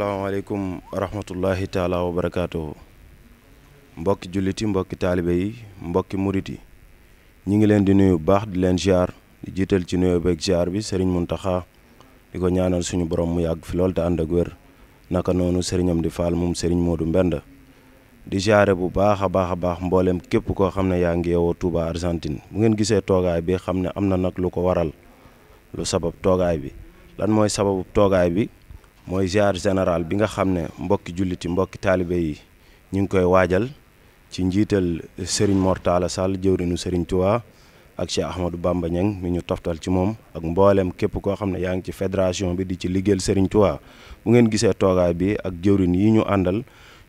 asalaamaaleykum wa rahmatullahi taala wa barakaatu mbokki julliti mbokki taalibe yi mbokki murit yi ñi ngi leen di nuyu bu baax di leen ziar jiital ci nuyoo beeg ziar bi sëriñ Muntaxa di ko ñaanal suñu borom mu yàgg fi lool te ànd ak wér naka noonu sëriñam di faal moom sëriñ Moodu mbend di jaare bu baax a baax a baax mbooleem képp koo xam ne yaa ngi yeewoo Touba Argentine bu ngeen gisee toogaay bi xam ne am na nag lu ko waral lu sabab toogaay bi lan mooy sababu toogaay bi. mooy ziar général bi nga xam ne mbokki julliti mbokki taalibe yi ñu ngi koy waajal ci njiital Serigne Mor Talla Sall jëwrinu Serigne Touba ak Cheikh Ahmadou Bamba mi ñu toftal ci moom ak mbooleem képp koo xam ne yaa ngi ci fédération bi di ci liggéeyal Serigne Touba bu ngeen gisee toogaay bi ak jëwrin yi ñu àndal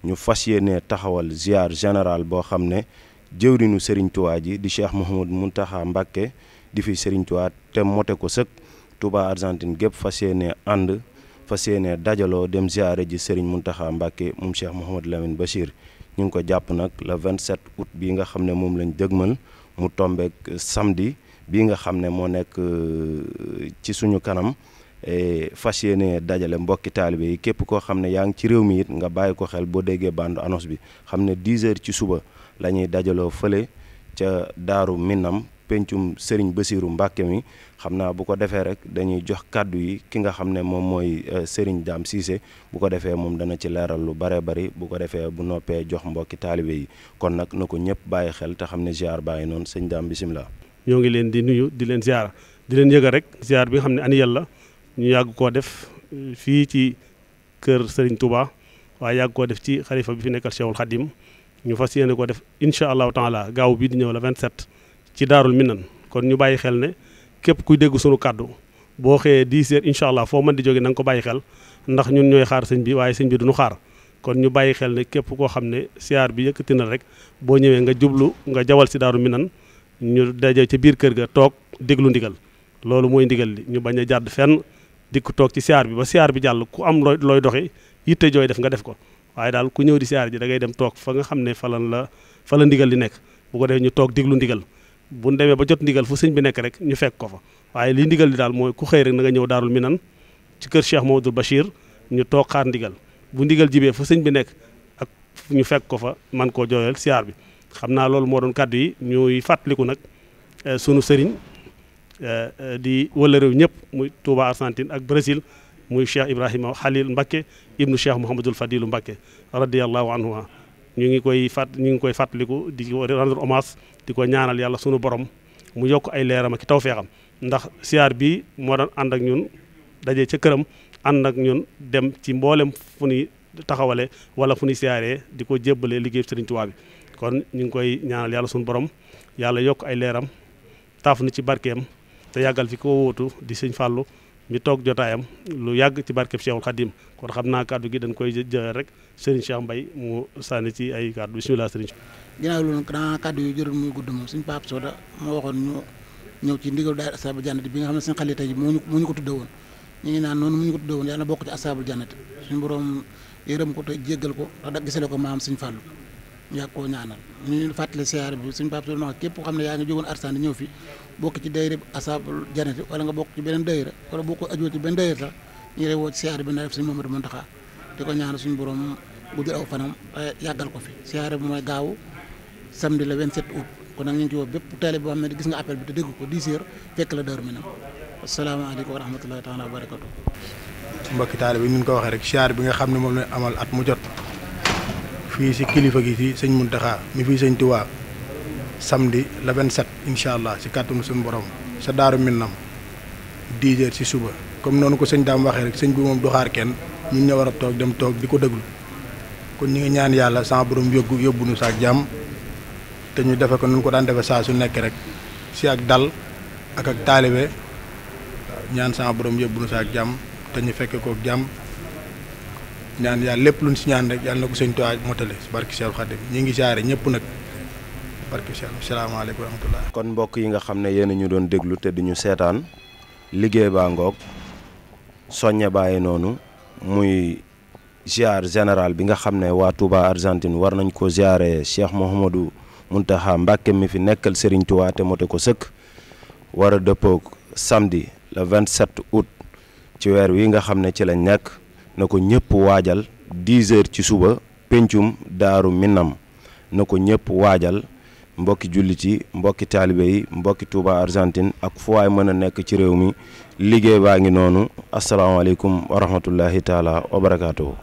ñu fas yéene taxawal ziar général boo xam ne jëwrinu Serigne Touba ji di Cheikh Mouhamadou Mountakha Mbacké di fi Serigne Touba te mote ko sëkk Touba Argentine gépp fas yéene ànd fas dajaloo dem ziare ji Serigne Mountakha Mbacké moom Cheikh Mouhamadou Lamine Bachir ñu ngi ko jàpp nag vingt 27 août bi nga xam ne moom lañ dëgmal mu tombeek samdi bi nga xam ne moo nekk euh, ci suñu kanam e fas yéene dajale mbokki taalibe yi képp koo xam ne yaa ngi ci réew mi it nga bàyyi ko xel boo déggee bande annonce bi xam ne 10 heures ci suba lañuy dajaloo fële ca daaru Minam pencum Serigne basiiru mbàkke mi xam naa bu ko defee rek dañuy jox kàddu yi ki nga xam ne moom mooy euh, Serigne Dame Cissé bu ko defee moom dana ci leeral lu bare bari bu ko defee bu noppee jox mbokki taalibe yi kon nag na ko ñëpp bàyyi xel te xam ne ziar bàyyi noonu sëñ Dame bisimilah. ñoo ngi leen di nuyu di leen ziar di leen yëgal rek ziar bi xam ne ani yàlla ñu yàgg koo def euh, fii ci kër sëriñ Touba waaye yàgg koo def ci xalifa bi fi nekkal Cheikhul Khadim ñu fas yéene def incha allahu taala gaaw bii di ci daarul minan kon ñu bàyyi xel ne képp kuy dégg sunu kàddu boo xëyee 10 heures incha allah foo man di jóge nanga ko bàyyi xel ndax ñun ñooy xaar sëñ bi waaye sëñ bi duñu xaar kon ñu bàyyi xel ne képp koo xam ne siyaar bi yëkkati na rek boo ñëwee nga jublu nga jawal si daaru minan ñu daje ca biir kër ga toog déglu ndigal loolu mooy ndigal li ñu bañ a jàdd fenn dikku toog ci siyaar bi ba siyaar bi jàll ku am looy looy doxi yitte jooy def nga def ko waaye daal ku ñëw di siyaar ji da ngay dem toog fa nga xam ne falan la fa la ndigal li nekk bu ko defee ñu toog déglu ndigal bu ñu demee ba jot ndigal fu sëñ bi nekk rek ñu fekk ko fa waaye li ndigal li daal mooy ku xëy rek na nga ñëw daarul minan ci kër Cheikh Mamadou bashir ñu toog xaar ndigal bu ndigal jibee fu sëñ bi nekk ak ñu fekk ko fa man koo jooyal siyaar bi xam naa loolu moo doon kàddu yi ñuy fàttaliku nag eh, sunu sëriñ eh, di wala réew ñëpp muy Touba Argentine ak Brésil muy Cheikh Ibrahima Khalil Mbacké ibnu Cheikh Mouhamadul Fadilu Mbacké radiyallahu anhu ñu ngi koy fàtt ñu ngi koy fàttaliku di ko rendre hommage di ko ñaanal yàlla sunu borom mu yokk ay leeram ak taw feexam ndax siyaar bi moo doon ànd ak ñun daje ca këram ànd ak ñun dem ci mboolem fu ñuy taxawale wala fu ñuy siyaaree di ko jébbale liggéey Sëriñ Tuubaa bi kon ñu ngi koy ñaanal yàlla sunu borom yàlla yokk ay leeram taaf na ci barkeem te yàggal fi ko wóotu di sëñ Fàllu mi toog jotaayam lu yàgg ci barkeb Cheikhul Khadim kon xam naa kàddu gi dañ koy jëlee rek Serigne Cheikh Mbaye mu sànni ci ay kàddu bisimilah Serigne. ginnaaw loolu nag kàddu yu jërul muy gudd moom suñu Pape Soda moo waxoon ñu ñëw ci ndigal daayira Ashaabul Jannati bi nga xam ne seen xale tey moo ñu moo ñu ko tudda woon ñu ngi naan noonu mu ñu ko tudda woon yàlla bokk ci Ashaabul Jannati suñu borom yërëm ko te jéggal ko te gisale ko maam suñu fàllu ñu yàgg koo ñaanal ñu fàttali siyaare bi suñ Pape Souley képp xam ne yaa ngi jógoon Arsane ñëw fi bokk ci dayre Asabul Janati wala nga bokk ci beneen dayra wala boo ko ajoo ci beneen dayra sax ñu lay woo ci siyaare bi suñu borom guddal aw yàggal ko fi siyaare bi mooy gaaw samedi le 27 août kon nag ñu ngi ci woo bépp taalib boo xam ne gis nga appel bi te dégg ko 10 heures fekk la dër mi nag asalaamaaleykum wa rahmatullahi taala wa barakatu mbokki taalibe bi ñu ko waxee rek bi nga xam ne moom la amal at mu jot fii si kilifa gi fii sëñ Muntaxa mi fii sëñ Tuubaa samedi la 27 incha allah si kàttanu suñu borom sa daaru Minam 10 heures si suba comme noonu ko sëñ daam waxee rek sëñ bi moom du xaar kenn ñun ñoo war a toog dem toog di ko déglu kon ñu ngi ñaan yàlla sama borom yóbbu yóbbu nu saak jàmm te ñu defe ko nu ko daan defe saa su nekk rek si ak dal ak ak taalibe ñaan sama borom yóbbu nu saak jàmm te ñu fekke kook jàmm ñaan yàlla lépp luñ si ñaan rek yàlla na ko sëñ Tuubaa motale barki Cheikh Khadim ñi ngi jaare ñëpp nag salaamaaleykum kon mbokk yi nga xam ne yéen ñu doon déglu te duñu seetaan liggéey baa ngoog bàyyi noonu muy ziar général bi nga xam ne waa Touba Argentine war nañ ko ziare Cheikh Mouhamadou Mountakha Mbacké mi fi nekkal Serigne Touba te mote ko sëkk wara a dëppoog samedi le 27 août ci weer wii nga xam ne ci la nekk na ko ñëpp waajal 10 heures ci suba pencum daaru minam na ko ñëpp waajal mbokki jullit yi mbokki taalibe mbokki Touba Argentine ak fu waay mën a nekk ci réew mi liggéey baa ngi noonu asalaamaaleykum wa rahmatullahi taala wa barakaatuhu